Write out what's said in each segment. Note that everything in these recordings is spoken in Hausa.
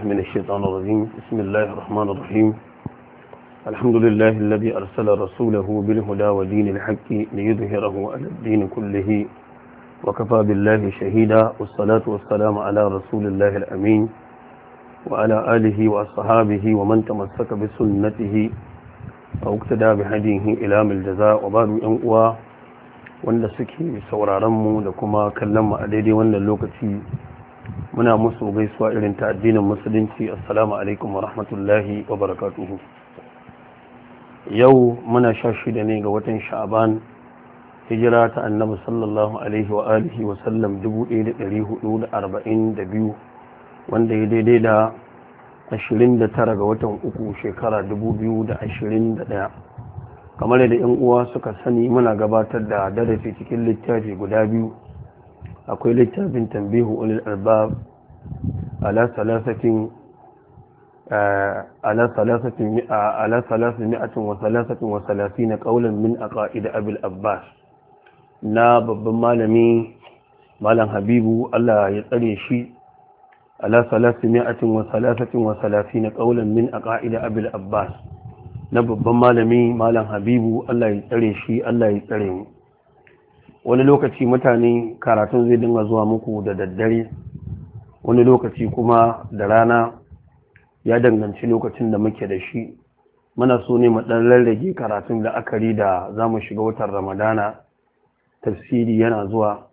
من الشيطان الرجيم بسم الله الرحمن الرحيم الحمد لله الذي أرسل رسوله بالهدى ودين الحق ليظهره على الدين كله وكفى بالله شهيدا والصلاة والسلام على رسول الله الأمين وعلى آله وأصحابه ومن تمسك بسنته أو اقتدى بهديه إلى من الجزاء وبعد أنقوى wanda suke sauraronmu da kuma kallon mu a daidai wannan lokaci muna musu gaisuwa irin ta addinin musulunci assalamu alaikum wa rahmatullahi wa barakatuhu yau muna sha shida ne ga watan sha'aban hijira ta annabi sallallahu alaihi wa alihi wa sallam 1442 wanda ya daidai da 29 ga watan uku shekara 2021 kamar da 'yan uwa suka sani muna gabatar da darasi cikin littafi guda biyu akwai littafin tambihu ulil albab ala salasatin على ثلاثة على ثلاثمائة وثلاثة وثلاثين قولا من أقائد أبي abbas na babban malami malam habibu Allah ya tsare shi ala salasimiyatin wa salasatin wa na qaulan min a aqaid abul abbas na babban malami malam habibu Allah ya tsare shi Allah ya tsare mu wani lokaci mutane karatun zai dinga zuwa muku da daddare wani lokaci kuma da rana ya danganci lokacin da muke da shi mana so ne dan rarrage karatun da ri da za mu shiga watan ramadana tafsiri yana zuwa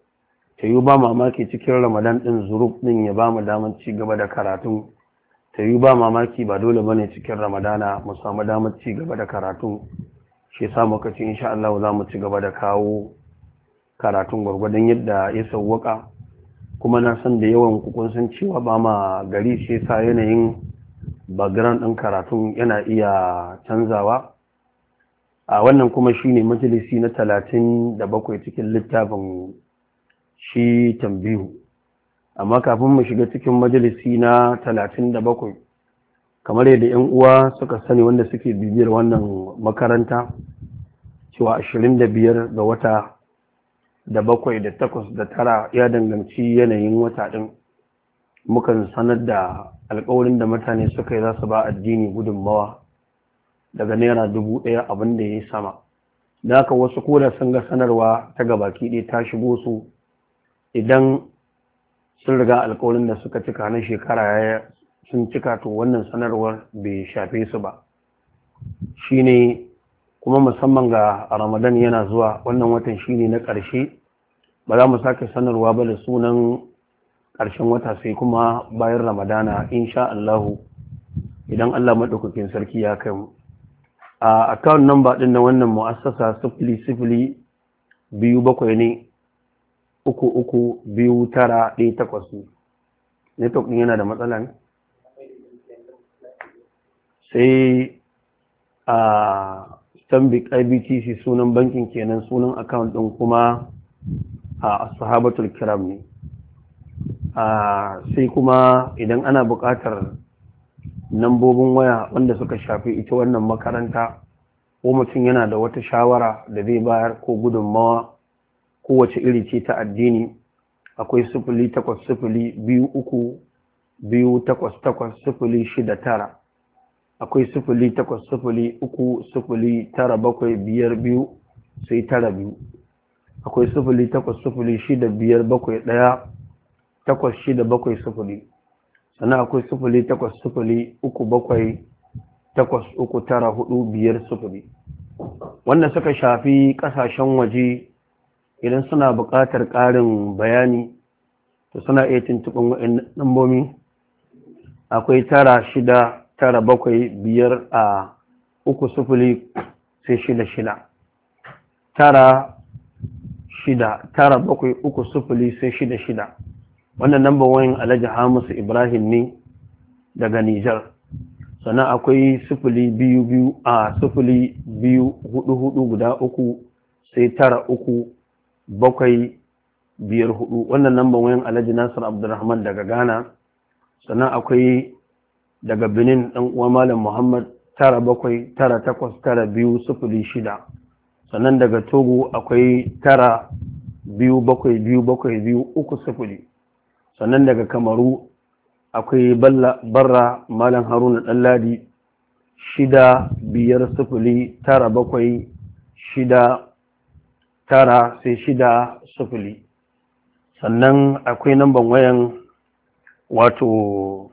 ta yi ba mamaki cikin ramadan ɗin zuruf ɗin ya ba mu damar ci gaba da karatun ta yi ba mamaki ba dole bane cikin ramadana mu samu damar ci gaba da karatun shi sa muka ci insha Allah za mu ci gaba da kawo karatun gwargwadon yadda ya sauwaka kuma na san da yawan kukun san cewa ba ma gari shi sa yanayin background ɗin karatun yana iya canzawa a wannan kuma ne majalisi na talatin da bakwai cikin littafin shi tambihu amma kafin mu shiga cikin majalisi na talatin da bakwai kamar yadda 'yan uwa suka sani wanda suke bibiyar wannan makaranta cewa ashirin da biyar ga wata da bakwai da takwas da tara ya danganci yanayin wata ɗin mukan sanar da alkawarin da mutane suka yi za su ba addini gudunmawa daga naira dubu ɗaya abin da ya yi sama da haka wasu koda sun ga sanarwa ta gaba ɗaya ta shigo su idan sun riga alkawarin da suka cika na shekara sun cika to wannan sanarwar bai shafe su ba shine kuma musamman ga ramadan yana zuwa wannan watan shine na ƙarshe ba za mu sake sanarwa ba da sunan ƙarshen wata sai kuma bayan ramadana insha Allahu idan Allah maɗaukakin sarki ya kai mu a account number ɗin na wannan mu'assasa sifili sifili biyu bakwai ne uku uku biyu tara ɗaya takwas ne network ɗin yana da matsala ne sai a stanbic ibtc sunan bankin kenan sunan account ɗin kuma a sahabatul kiram ne sai kuma idan ana buƙatar nambobin waya wanda suka shafi ita wannan makaranta ko mutum yana da wata shawara da zai bayar ko gudunmawa kowace iri ce ta addini akwai sufuli takwas sufuli biyu uku biyu takwas takwas sufuli shida tara akwai sufuli takwas sufuli uku sufuli tara bakwai biyar biyu sai tara biyu akwai sufuli takwas sufuli shida biyar bakwai ɗaya takwas shida bakwai sufuli sannan akwai sufuli takwas sufuli uku bakwai takwas uku tara hudu biyar sufuli wanda suka shafi ƙasashen waje idan suna buƙatar ƙarin bayani to suna iya tuntuɓin wa'in ɗambomi akwai tara shida tara bakwai biyar a uku sufuli sai shida shida tara shida tara bakwai uku sufuli sai shida shida wannan namba wayan alhaji hamisu ibrahim ne daga nijar sannan akwai sufuli biyu biyu a sufuli biyu hudu hudu guda uku sai tara uku bakwai biyar hudu wannan namba wayan alhaji nasir Abdulrahman daga ghana sannan akwai daga benin dan uwa malam muhammad tara bakwai tara takwas tara biyu sufuli shida sannan daga togo akwai tara biyu bakwai biyu bakwai biyu uku sufuri sannan daga kamaru akwai barra malam haruna ɗanladi shida biyar sufuri tara bakwai shida tara sai shida sufuri sannan akwai namban wayan wato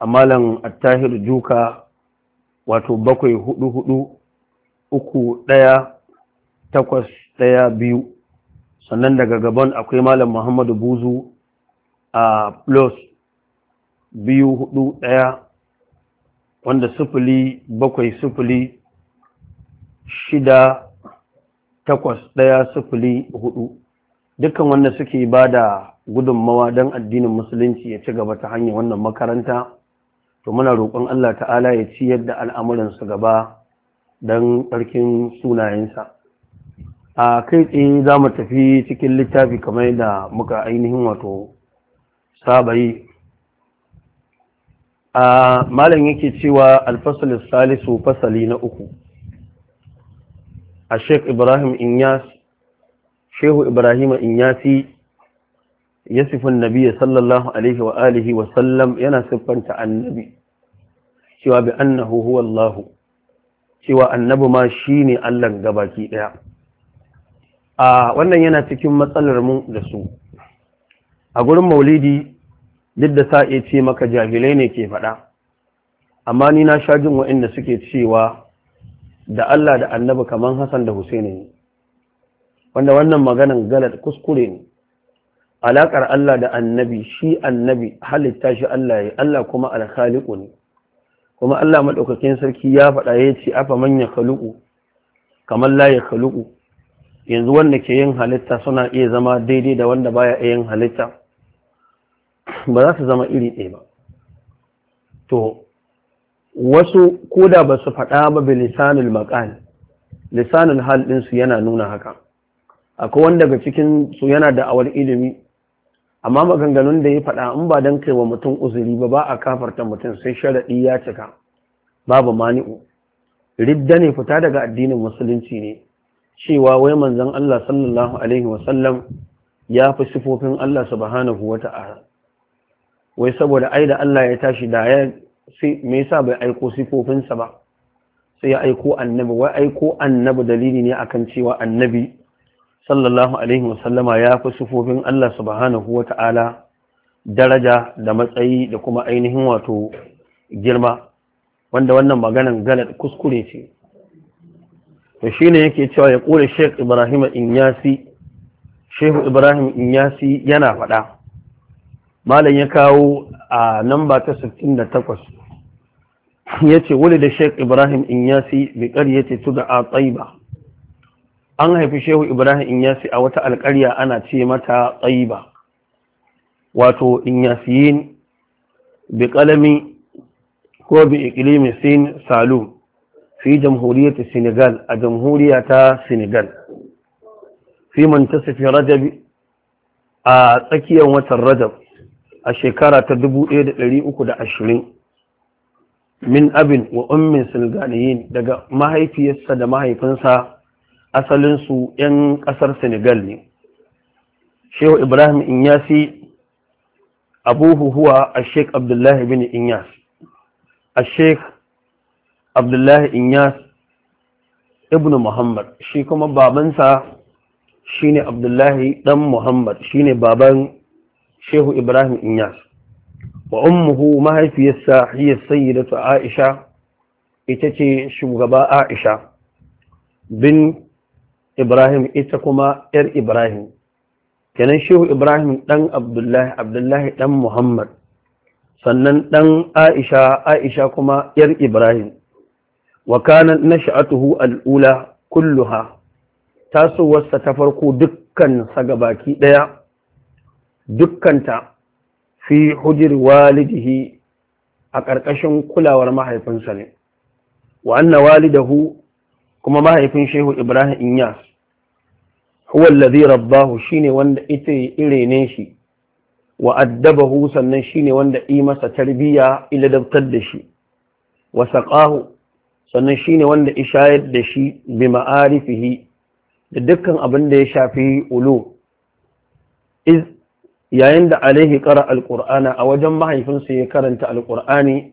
a malam attahir juka wato bakwai hudu hudu uku ɗaya takwas ɗaya biyu sannan daga gaban akwai malam muhammadu buzu a plus biyu hudu ɗaya wanda sufuli bakwai sufuli shida takwas ɗaya sufuli hudu dukkan wanda suke ba da gudunmawa don addinin musulunci ya ci gaba ta hanyar wannan makaranta to muna roƙon Allah ta'ala ya ciyar da al'amuransu gaba don ƙarkin sunayensa a kai tsaye za mu tafi cikin littafi kamar yadda muka ainihin wato saba yi a malam yake cewa alfasali salisu fasali na uku a sheik ibrahim inyas shehu ibrahim inyasi ya sifin nabi sallallahu alaihi wa alihi wa sallam yana siffanta annabi cewa bi annahu huwa allahu cewa annabi ma shine allan gabaki daya a wannan yana cikin matsalar mu da su a gurin maulidi duk da sa'e ce maka jahilai ne ke faɗa amma ni na sha jin waɗanda suke cewa da Allah da annabi kaman Hassan da Husaini ne wanda wannan maganan galat kuskure ne Alakar Allah da annabi shi annabi halitta shi Allah ya Allah kuma alkhaliqu ne kuma Allah madaukakin sarki ya faɗa ya ce afa manya khaluqu kaman la ya khaluqu yanzu wanda ke yin halitta suna iya zama daidai da wanda baya iya yin halitta ba za su zama iri ɗaya ba to wasu koda ba su faɗa ba bi lisanul maqal lisanul hal su yana nuna haka akwai wanda daga cikin su yana da awal ilimi amma maganganun da ya faɗa in ba dan kai wa mutum uzuri ba ba a kafarta mutum sai sharaɗi ya cika babu mani'u ridda ne fita daga addinin musulunci ne cewa wai manzan Allah sallallahu alaihi wasallam ya fi sifofin Allah subhanahu ta’ara, wai saboda ai da Allah ya tashi da ya me yasa bai aiko sifofinsa ba sai ya aiko annabi wai aiko annabi dalili ne akan cewa annabi sallallahu alaihi wasallama ya fi sifofin Allah subhanahu ta’ala daraja da matsayi da kuma ainihin wato girma wanda wannan maganan galat kuskure ce shi ne yake cewa ya kore Shek Ibrahim Inyasi Shehu Ibrahim Inyasi yana faɗa malam ya kawo a namba ta 68 ce, wani da Shek Ibrahim Inyasi ya qaryati tud'a Taiba an haifi Shehu Ibrahim Inyasi a wata alƙarya ana ce mata Taiba wato Inyasiyin bi qalami ko bi ikilimisin salu fi jamhuriyar senegal a jamhuriya ta senegal fi mantasafi rajab a tsakiyar watan rajab a shekara ta 1320 min abin wa ummin senegaliyyin daga mahaifiyarsa da mahaifinsa asalinsu 'yan ƙasar senegal ne shehu ibrahim inyasi abuhu huwa a sheik abdullahi bin inyas a sheik abdullahi inyas ibn muhammad shi kuma babansa shine abdullahi dan muhammad shine baban shehu ibrahim inyas wa ummuhu mahaifiyarsa hiya sayyidatu aisha ita ce shugaba aisha bin ibrahim ita kuma yar ibrahim kenan shehu ibrahim dan abdullahi abdullahi dan muhammad sannan dan aisha aisha kuma yar ibrahim wa kana nash'atuhu al-ula kulluha tasowarsa ta farko dukkan sa baki ɗaya dukkanta fi hujir walidihi a ƙarƙashin kulawar mahaifinsa ne wa anna walidahu kuma mahaifin shehu ibrahim inyas huwa allazi rabbahu shine wanda ita irene shi wa addabahu sannan shine wanda yi masa tarbiyya ila dabtar da shi wa saqahu sannan shi ne wanda ishayar da shi bi ma'arifihi da dukkan abin da ya shafi ulu yayin da alaihi kara Alƙur'ana a wajen mahaifinsa ya karanta Alƙur'ani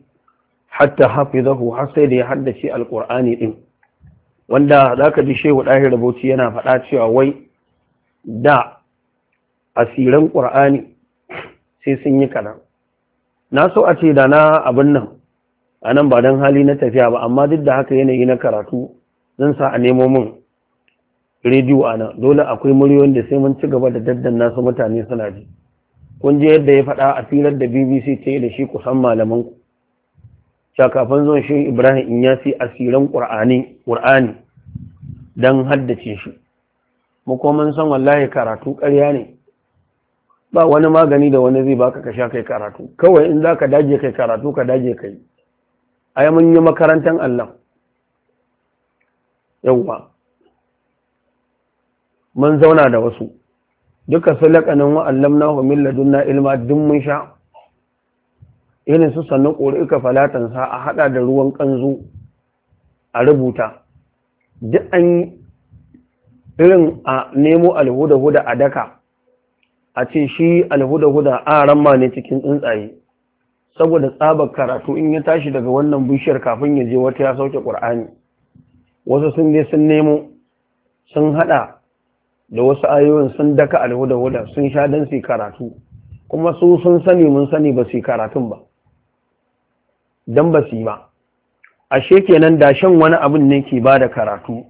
hatta hafizahu har sai da ya haddace Alƙur'ani din wanda za ka ji shehu dahir rabauci yana faɗa cewa wai da asiran ƙur'ani sai sun yi kanan na so a ce da na abin nan a nan ba don hali na tafiya ba amma duk da haka yanayi na karatu zan sa a nemo min rediyo a nan dole akwai muryoyin da sai mun ci gaba da daddan nasu mutane suna ji kun je yadda ya faɗa a filar da bbc ta yi da shi kusan malaman ku shakafan zuwan shi ibrahim in inyasi asiran ƙur'ani ƙur'ani don haddace shi mu mun san wallahi karatu ƙarya ne ba wani magani da wani zai baka ka sha kai karatu kawai in za ka daje kai karatu ka daje kai ai mun yi makarantar Allah yawwa mun zauna da wasu duka su laƙanin wa'allam na homin ladunna ilma dun mun sha irin su sannu falatansa a haɗa da ruwan ƙanzu a rubuta duk an irin a nemo alhuda-huda a daka a ce shi alhuda-huda a ramma ne cikin tsuntsaye saboda tsabar karatu in ya tashi daga wannan bishiyar kafin ya je wata ya sauke ƙur'ani wasu sun ne sun nemo sun hada da wasu ayoyin sun daka alhuda sun sha don su karatu kuma su sun sani mun sani ba su karatun ba don ba su ba ashe kenan da shan wani abin ne ke ba da karatu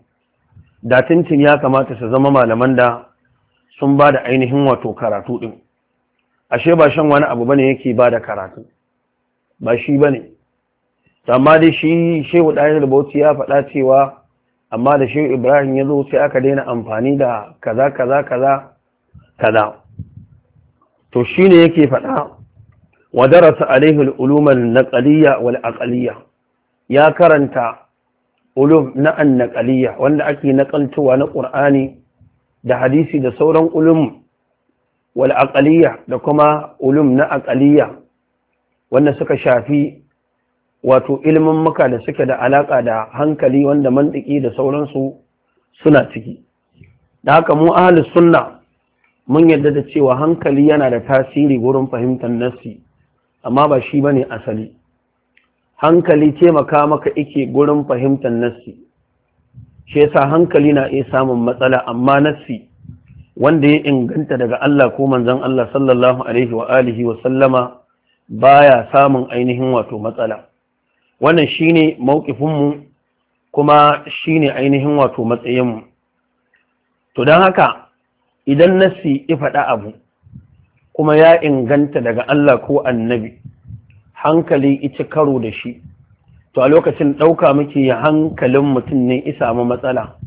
da tintin ya kamata su zama malaman da sun ba da ainihin wato karatu din ashe ba shan wani abu bane yake ba da karatu ba shi ba ne amma da shi shehu ɗayan ya faɗa cewa amma da shehu ibrahim ya zo sai aka daina amfani da kaza kaza kaza kaza to shi ne yake faɗa wa darasa alaihi al'ulumar naƙaliya wal aqaliyya ya karanta ulum na annaƙaliyya wanda ake naƙaltowa na ƙur'ani da hadisi da sauran ulum wal aqaliyya da kuma ulum na aqaliyya wanda suka shafi wato ilimin maka da suke da alaka da hankali wanda mantiki da sauransu suna ciki da haka mu ahli sunna mun yadda da cewa hankali yana da tasiri wurin fahimtar nassi amma ba shi bane asali hankali taimaka maka ike gurin fahimtar nassi shi yasa hankali na iya samun matsala amma nassi wanda ya inganta daga Allah ko manzon Allah sallallahu alaihi wa alihi wa sallama baya samun ainihin wato matsala wannan shine mauƙifinmu kuma shine ainihin wato matsayinmu to don haka idan nasi ya faɗa abu kuma ya inganta daga Allah ko annabi hankali ita karo da shi to a lokacin ɗauka muke hankalin mutum ne isa mu matsala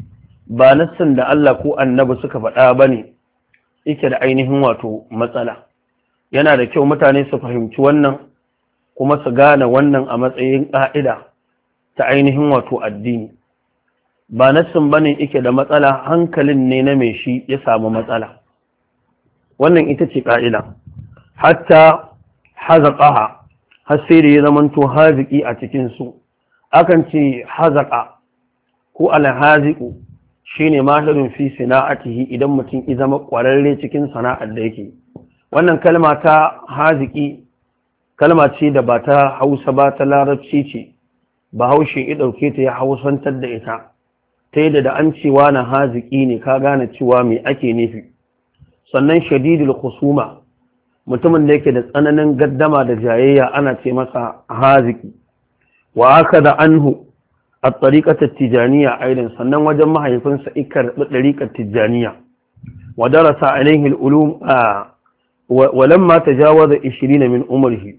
ba nassin da Allah ko annabi suka faɗa ba ne yake da ainihin wato matsala yana da kyau mutane su fahimci wannan kuma su gane wannan a matsayin ƙa'ida ta ainihin wato addini ba nassin ne ike da matsala hankalin ne na mai shi ya samu matsala wannan ita ce ƙa'ida hatta hazaƙaha har sai da ya zamanto haziki a cikinsu akan ce hazaƙa ko alhaziku shine mahirin fi sana'atihi idan mutum ya zama ƙwararre cikin sana'ar da yake wannan kalma ta haziki kalma ce da ba ta hausa ba ta larabci ce ba haushe ya ɗauke ta ya hausantar da ita ta yadda da an cewa na haziki ne ka gane cewa mai ake nufi sannan shadidul kusuma mutumin da yake da tsananin gaddama da jayayya ana ce masa haziki wa aka da anhu a tsarikatar tijaniya aidan sannan wajen mahaifinsa ikar ɗarikar tijaniya wa darasa ainihin ulum a ah, walamma tajawaza 20 min umrihi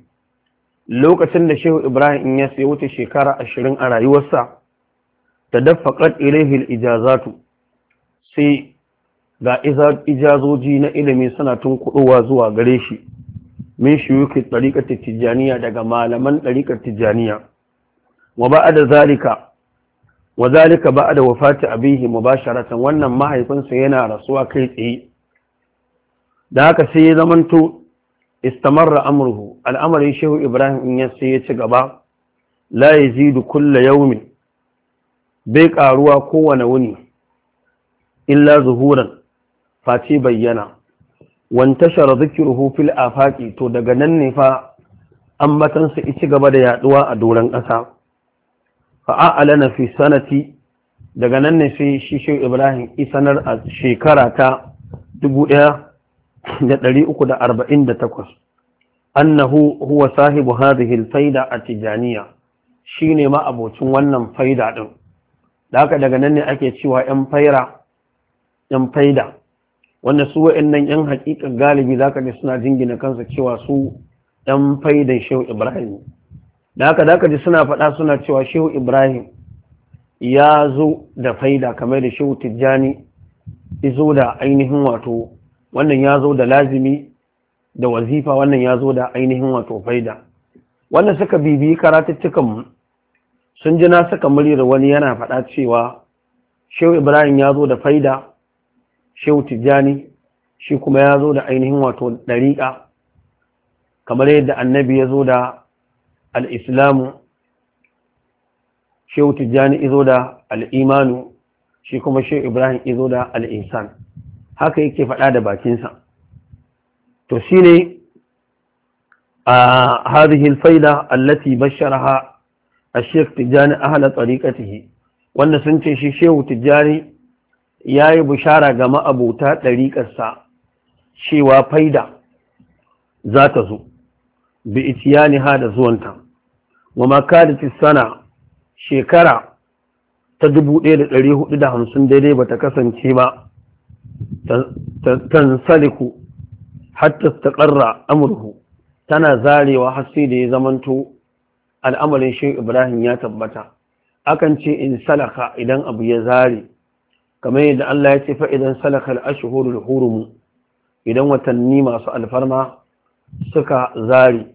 lokacin da Shehu Ibrahim ya sai wuce shekara 20 a rayuwarsa da dafakar al-ijazatu sai ga ijazoji na ilimi suna tunkuɗowa zuwa gare shi min shuyuki ɗariƙar tijjaniya daga malaman ɗariƙar tijjaniya wa ba da zalika wa zalika da wafati abihi mubasharatan wannan mahaifinsa yana rasuwa kai tsaye da haka sai ya zamanto istamarra amurhu al'amarin shehu ibrahim in ya ya ci gaba la da kulla yaumin. bai karuwa kowane wuni illa zuhuran face bayyana wantashara zikirhu fil faƙi to daga nan ne fa ambatansa ci gaba da yaduwa a doron ƙasa Alana fi sanati daga nan ne sai shi shehu ibrahim isanar a shekara ta ɗaya? da ɗari uku da arba'in da takwas annahu huwa sahibu hadhihi al-faida a tijaniyya shine ma abocin wannan faida din da daga nan ne ake cewa yan faira yan faida wanda su wa'annan yan hakikan galibi zaka ne suna jingina kansa cewa su yan faidan Shehu Ibrahim da da ji suna faɗa suna cewa Shehu Ibrahim ya zo da faida kamar da Shehu Tijjani izo da ainihin wato wannan ya zo da lazimi da wazifa wannan ya zo da ainihin wato faida wannan suka bibiyi karatuttukanmu sun ji na suka muryar wani yana faɗa cewa shehu ibrahim ya zo da faida shehu tijjani shi kuma ya zo da ainihin wato ɗariƙa kamar yadda annabi ya zo da al'islamu shehu tijjani izo da al'imanu shi kuma shehu ibrahim izo da al'insan haka yake faɗa da bakinsa to shi ne a harihin faida allati a ash tijjani a hana tariqatihi wanda sun ce shi shehu Tijjani ya yayi bishara ga ma'abuta ɗariƙarsa cewa faida za ta zo bi ha da zuwanta wa makadati sana shekara ta 1450 daidai ba ta kasance ba tansaliku hatta taqarra amurhu, tana zarewa har sai da ya zamanto al'amarin shi Ibrahim ya tabbata akan ce in salaka idan abu ya zare kamar yadda Allah ya ce fa'idan idan salaka al-ashhurul idan watanni masu alfarma suka zare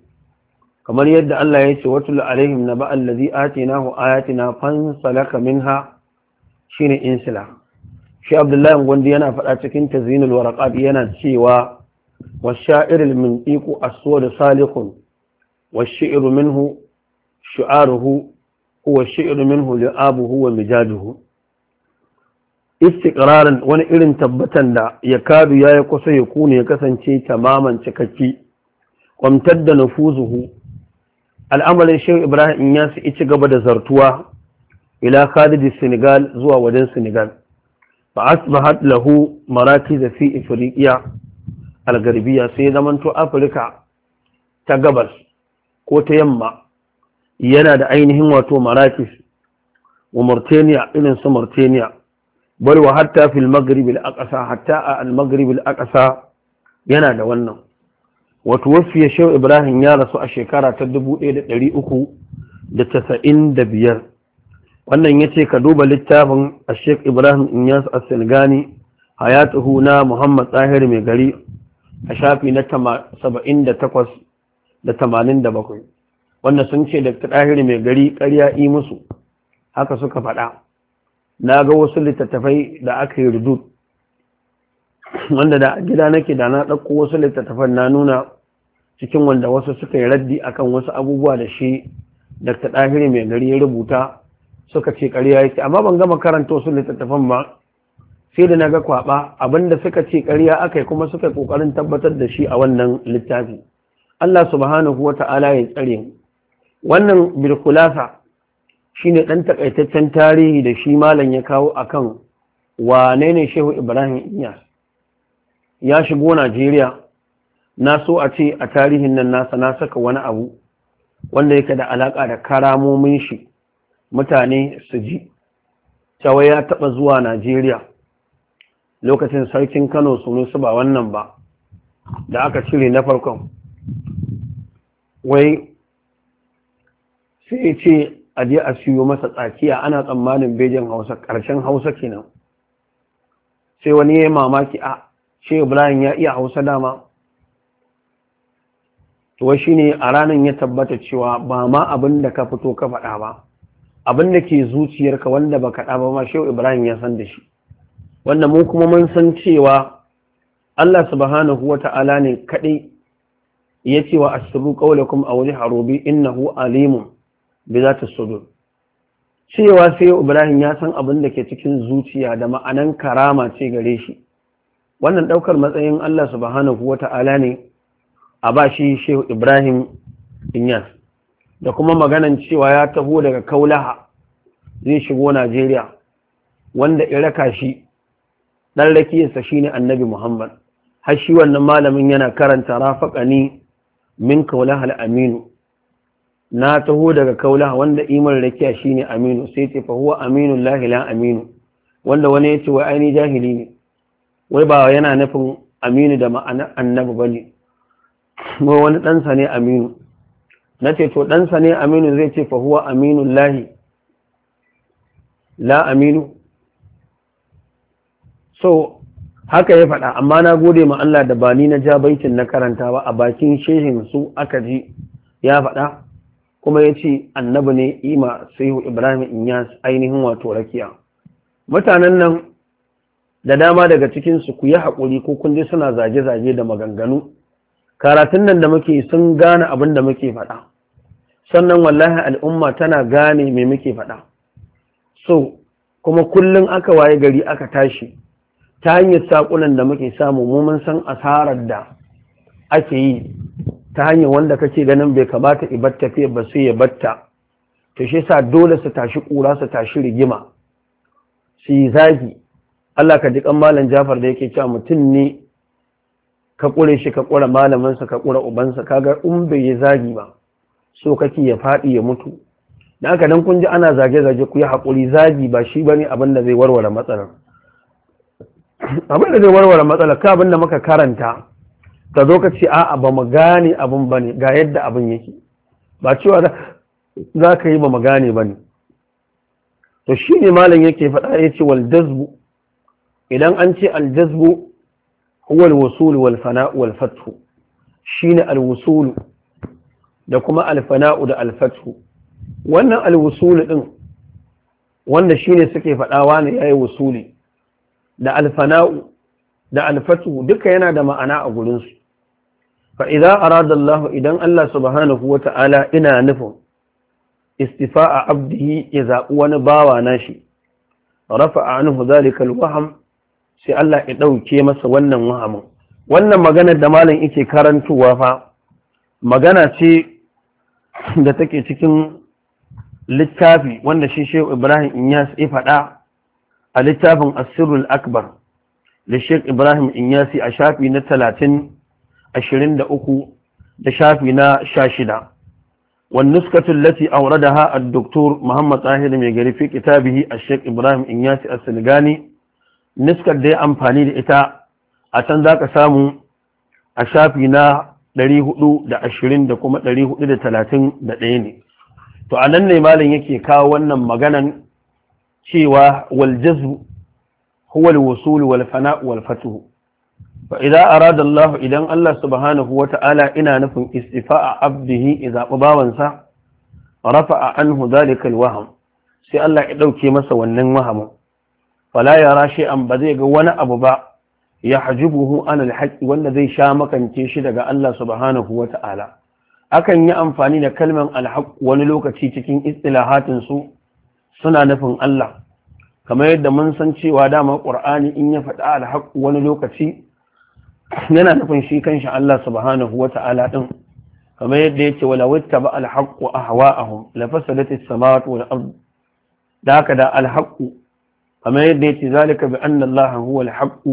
kamar yadda Allah ya ce watul alaihim naba allazi atinahu ayatina fansalaka minha shine insula. shi abdullahi gwandi yana faɗa cikin tazinul warakat yana cewa wa sha'iril min iku aswa da salihun wa shi'iru minhu shu'aruhu huwa shi'iru minhu li'abuhu wa mijajuhu istiqrarin wani irin tabbatan da ya kadu yayi ya kuna ya kasance ta tamaman cikakki kwamtar da nufuzuhu al'amarin shan ibrahim in ya su ci gaba da zartuwa ila khadidi senegal zuwa wajen senegal فأصبحت له مراكز في إفريقيا الغربية سيدا من تو أفريقيا تقبل كوت يما ينا دا أينهم واتو مراكز ومرتينيا إلنس مرتينيا بل وحتى في المغرب الأقصى حتى المغرب الأقصى ينا دا ونم وتوفي شو إبراهيم يا رسول الشكارة تدبو إلى تريئكو da casa'in da biyar wannan ya ce ka duba littafin a sheik ibrahim inyas a hayatuhu na muhammad tsahir mai gari a shafi na 78 da 87 wanda sun ce da tsahir mai gari karya yi musu haka suka faɗa na ga wasu littattafai da aka yi rudu wanda da gida nake da na ɗauko wasu littattafan na nuna cikin wanda wasu suka yi raddi akan wasu abubuwa da shi dr ɗahiri mai gari ya rubuta suka ce ƙarya yake amma ban gama karanta wasu littattafan ba sai da na ga kwaɓa abinda suka ce ƙarya aka yi kuma suka yi ƙoƙarin tabbatar da shi a wannan littafi Allah subhanahu wa ta'ala ya tsare wannan shi shine ɗan takaitaccen tarihi da shi malam ya kawo akan wane ne shehu ibrahim iyas ya shigo najeriya na so a ce a tarihin nan nasa na saka wani abu wanda yake da alaƙa da karamomin shi mutane su ji cewa ya taɓa zuwa najeriya lokacin sarkin kano su ba wannan ba da aka cire na farkon wai sai ce a je a siyo masa tsakiya ana tsammanin bejin hausa ƙarshen hausa kenan sai wani ya yi mamaki a ce ibrahim ya iya hausa dama tuwa shi ne a ranar ya tabbata cewa ba ma abin da ka fito ka faɗa ba abin da ke zuciyarka wanda ba kaɗa ba ma shehu ibrahim ya san da shi wanda mu kuma mun san cewa Allah subhanahu wa ta'ala ne kaɗai ya ce wa asiru ƙaunakun a wani harobi innahu alimu bi za ta sudu cewa sai ibrahim ya san abin da ke cikin zuciya da ma'anan karama ce gare shi wannan ɗaukar matsayin Allah subhanahu wa ta'ala ne a ba shi shehu ibrahim inyas da kuma maganan cewa ya taho daga kaulaha zai shigo najeriya wanda raka shi ɗan rakiyarsa shi ne annabi muhammad har shi wannan malamin yana karanta rafaka ni min kaulaha aminu na taho daga kaulaha wanda imar rakiya shi ne aminu sai ce fahuwa aminu lahila aminu wanda wani ya ce wa aini jahili ne wai ba yana nufin aminu da ma'ana annabi ba ne wani ɗansa ne aminu na ce to ɗansa ne aminu zai ce fahuwa aminun lahi la aminu so haka ya faɗa amma na gode ma Allah da ba ni na ja baitin na karanta ba a bakin shehin su aka ji ya faɗa kuma ya ce annabi ne ima sayu ibrahim inyas ainihin wato rakiya mutanen nan da dama daga cikinsu ku yi haƙuri ko kun ji suna zage-zage da maganganu karatun nan da muke sun gane abin da muke faɗa sannan wallahi al'umma tana gane mai muke faɗa so kuma kullum aka waye gari aka tashi ta hanyar saƙunan da muke samu mun san asarar da ake yi ta hanyar wanda kake ganin bai kamata ibatta tafiya ba sai ya batta to shi sa dole su tashi ƙura su tashi rigima su yi zagi Allah ka ji kan malam Jafar da yake cewa mutum ne ka ƙure shi ka ƙura malaminsa ka ƙura ubansa kaga in bai yi zagi ba so kake ya faɗi ya mutu da aka dan kun ji ana zage-zage ku yi haƙuri zagi ba shi bane abin da zai warware matsalar abin da zai warware matsalar ka abin da muka karanta Ka zo ka ce a'a ba mu gane abin bane ga yadda abin yake ba cewa za ka yi ba mu gane bane to shine malam yake faɗa ya ce wal jazbu idan an ce al jazbu huwa al-wusul wal fana wal da kuma alfana'u da alfathu wannan al din wanda shine suke fadawa ne yayi wusuli da alfana'u da al duka yana da ma'ana a gurin su fa idza arada Allah idan Allah subhanahu wata'ala ina nufin istifa'a abdihi ya zaɓi wani bawa nashi rafa'a anhu zalikal waham sai Allah ya ɗauke masa wannan wahamin wannan magana da malam yake karantowa fa magana ce da take cikin littafi wanda shi Sheikh Ibrahim Inyas ya faɗa a littafin Asirul Akbar da Sheikh Ibrahim Inyasi a shafi na talatin ashirin da uku da shafi na sha shida. والنسخة التي أوردها الدكتور محمد طاهر ميغري a كتابه Ibrahim إبراهيم a السنغاني niskar da ya amfani da ita a can za ka samu a shafi na 420 da kuma 431 ne to a nan ne malin yake kawo wannan maganan cewa waljazu huwa alwusul wal fana fa idza arada Allah idan Allah subhanahu wata'ala ina nufin istifa'a abdihi idza bawansa rafa'a anhu dhalika alwaham sai Allah ya dauke masa wannan wahamin fala yara shay'an ba zai ga wani abu ba ya hajibuhu an alhaqi wanda zai sha makance shi daga Allah subhanahu ta'ala). akan yi amfani da kalman alhaq wani lokaci cikin istilahatin su suna nufin Allah kamar yadda mun san cewa dama Al-ƙur'ani in ya faɗa alhaq wani lokaci yana nufin shi kanshi Allah subhanahu ta'ala) din kamar yadda yake wala wattaba alhaq wa ahwa'ahum la fasadatis samawati ta ard da haka da alhaq kamar yadda yace zalika bi anna allaha huwa al-haqq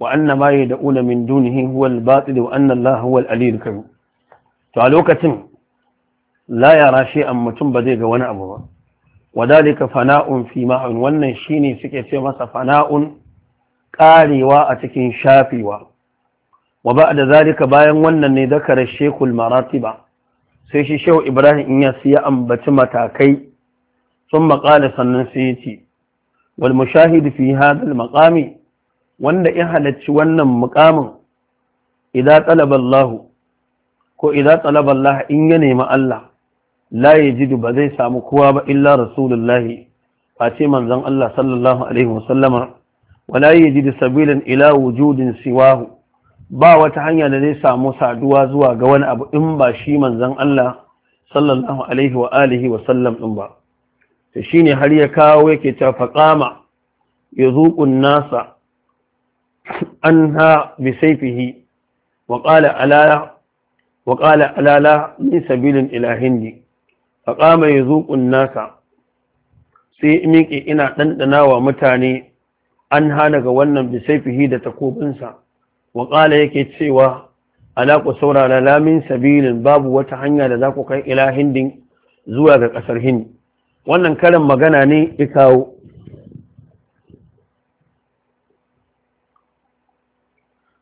wa anna ma yad'una min dunihi huwa al-batil wa anna allaha huwa al-aliyyul kabir to a lokacin la yara an mutum ba zai ga wani abu ba wadalika fana'un fi wannan shine suke ce masa fana'un karewa a cikin shafewa wa ba'da zalika bayan wannan ne zakara shekul maratiba sai shi shehu ibrahim in ya siya ambaci matakai sun baƙala sannan sai ya ce wal mushahid fi hadha wanda ya halacci wannan muqamin idan talaba ko idan talaba in ya nema Allah la yajidu ba zai samu kowa ba illa rasulullahi face manzon Allah sallallahu alaihi wasallama wala yajidu sabilan ila wujudin siwahu ba wata hanya da zai samu saduwa zuwa ga wani abu in ba shi manzon Allah sallallahu alaihi wa alihi wa sallam din ba shi shine har ya kawo yake ta ya zuƙun nasa anha bi sayfihi wa wa min sabilin ila faƙama ya zuƙun nasa sai miƙe ina ɗanɗana wa mutane an hana ga wannan bisaifihi da takobinsa wa ƙala yake cewa alaƙu saurara lamin sabilin babu wata hanya da za ku kai ila zuwa ga ƙasar hindi wannan karin magana ne ya kawo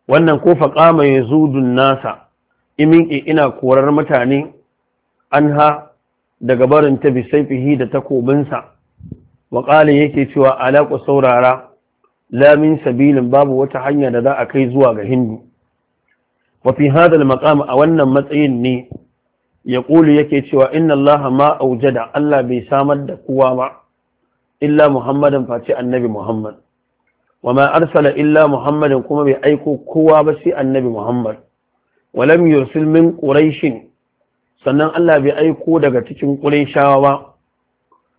wannan ko faƙama ya zudun nasa imin ina korar mutane an ha daga barin ta bisaifihi da takobinsa waƙali yake cewa alaƙa saurara lamin sabilin babu wata hanya da za a kai zuwa ga hindu wafi hadal maƙama a wannan matsayin ne ya ƙulu yake cewa inna Allah ma aujada Allah bai samar da kuwa ba illa Muhammadin face annabi Muhammad wa ma arsala illa Muhammadin kuma bai aiko kowa ba sai annabi Muhammad wa lam yursil min quraishin sannan Allah bai aiko daga cikin qurayshawa ba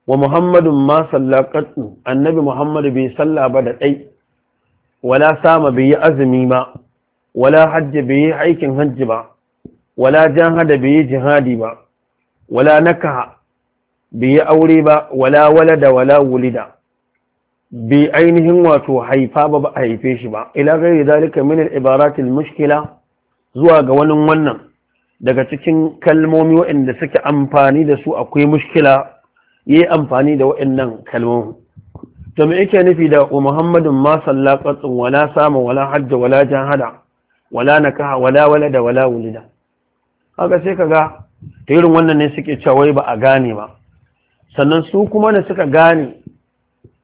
wa Muhammadun ma sallaqatu annabi Muhammad bai salla ba da ɗai. wala sama bai yi azumi ba wala hajji bai yi aikin hajji ba wala janhada bai yi jihadi ba wala nakaha bai yi aure ba wala da wala wulida bai ainihin wato haifa ba ba a haife shi ba ila gairi zalika min al-ibaratil mushkila zuwa ga wani wannan daga cikin kalmomi waɗanda suke amfani da su akwai mushkila yi amfani da waɗannan kalmomi to me yake nufi da Muhammadun ma sallaqatun wala sama wala hajja wala jahada wala nakaha wala da wala wulida kaga sai ga? ta irin wannan ne suke cewa ba a gane ba sannan su kuma da suka gane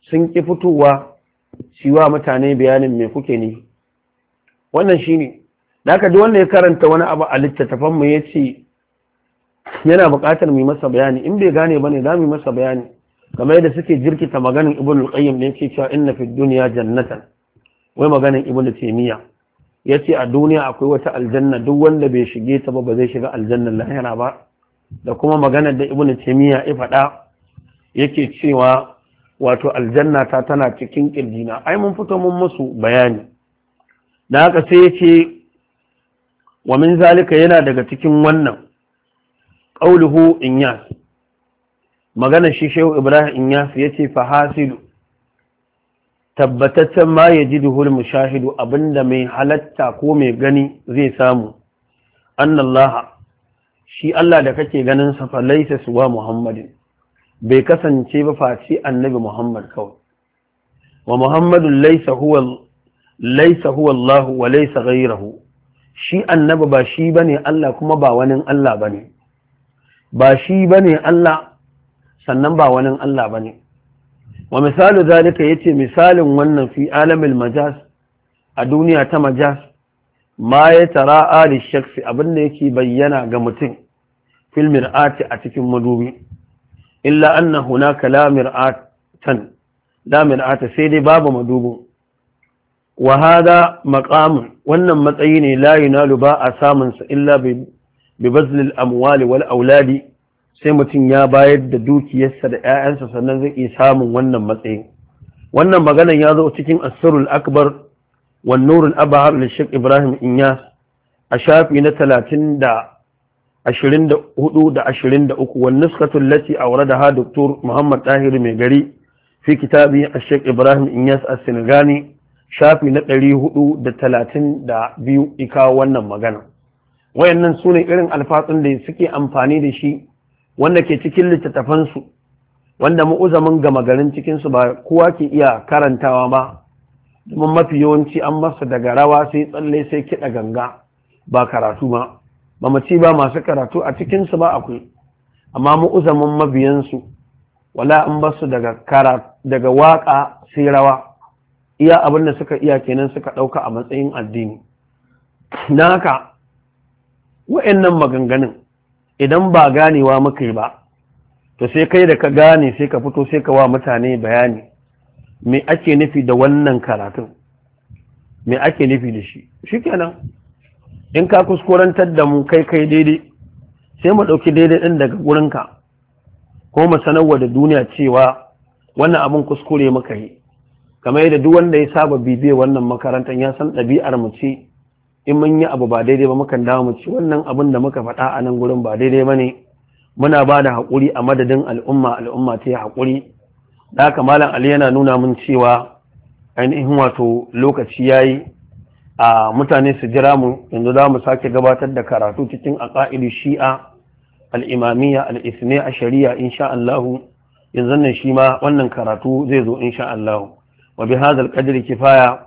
sun ƙi fitowa ciwa wa mutane bayanin mai kuke ne wannan ne, da aka ji wanda ya karanta wani abu a littattafan mu ya ce yana buƙatar mu masa bayani in bai gane ba ne, za mu yi masa bayani kamar yadda suke jirkita maganin ibnu al-qayyim da yake cewa inna fid dunya jannatan wai maganin ibnu taymiya ya ce a duniya akwai wata aljanna duk wanda bai shige ta ba ba zai shiga aljannan lahira ba da kuma maganar da ibnu taymiya ya faɗa yake cewa wato aljanna ta tana cikin kirjina ai mun fito mun musu bayani da haka sai yace wa min zalika yana daga cikin wannan qauluhu inyas magana shi shehu ibrahim inyas yace fa hasilu tabbataccen ma ya ji duhul mushahidu abinda mai halatta ko mai gani zai samu annallaha shi Allah da kake ganin sa fa laisa suwa muhammadin bai kasance ba faci annabi muhammad kawai wa muhammadun laisa huwa laisa huwa Allah wa laisa ghayruhu shi annabi ba shi bane Allah kuma ba wani Allah bane ba shi bane Allah sannan ba wani Allah bane wa misalu zalika ce misalin wannan fi alamil majas a duniya ta majas ma ya tara ali shaksi abinda yake bayyana ga mutum fil mir'ati a cikin madubi illa anna hunaka la mir'atan la mir'ata sai dai babu madubi wa hada wannan matsayi ne la yunalu ba a samun sa illa bi bazlil amwali wal auladi sai mutum ya bayar da dukiyarsa da 'ya'yansa sannan zai iya samun wannan matsayin wannan maganan ya zo cikin asirul akbar wan nurul abahar lishik ibrahim inya a shafi na talatin da ashirin da hudu da ashirin da uku lati a da ha doktor muhammad tahir mai gari fi kitabi a ibrahim inyas a sinigani shafi na ɗari hudu da talatin da biyu ika wannan magana wayannan sune irin alfatsun da suke amfani da shi wanda ke cikin littattafansu wanda mu mu'uzamin gama garin cikinsu ba kowa ke iya karantawa ba domin mafi yawanci an masa daga rawa sai tsalle sai kiɗa ganga ba karatu ba ba ci ba masu karatu a cikinsu ba akwai amma mu mu'uzamin mabiyansu wala an basu daga daga waƙa sai rawa iya abin da suka iya kenan suka ɗauka a matsayin addini na haka wa'annan maganganun idan ba ganewa muka yi ba to sai kai da ka gane sai ka fito sai ka wa mutane bayani me ake nufi da wannan karatun me ake nufi da shi shikenan in ka kuskurantar da mu kai kai daidai sai mu ɗauki daidai ɗin daga gurinka ko mu sanarwa da duniya cewa wannan abin kuskure muka yi kamar yadda duk wanda ya saba bibiyar wannan makarantar ya san ɗabi'ar mu ce in mun yi abu ba daidai ba mukan dawo mu ci wannan abin da muka faɗa a nan gurin ba daidai ba ne muna ba da haƙuri a madadin al'umma al'umma ta yi haƙuri da haka malam ali yana nuna mun cewa ainihin wato lokaci ya yi a mutane su jira mu yanzu za mu sake gabatar da karatu cikin al-ƙa'idu shi'a al'imamiyya al'isne a shari'a insha Allahu yanzu nan shi ma wannan karatu zai zo insha Allahu wa bi hadha qadri kifaya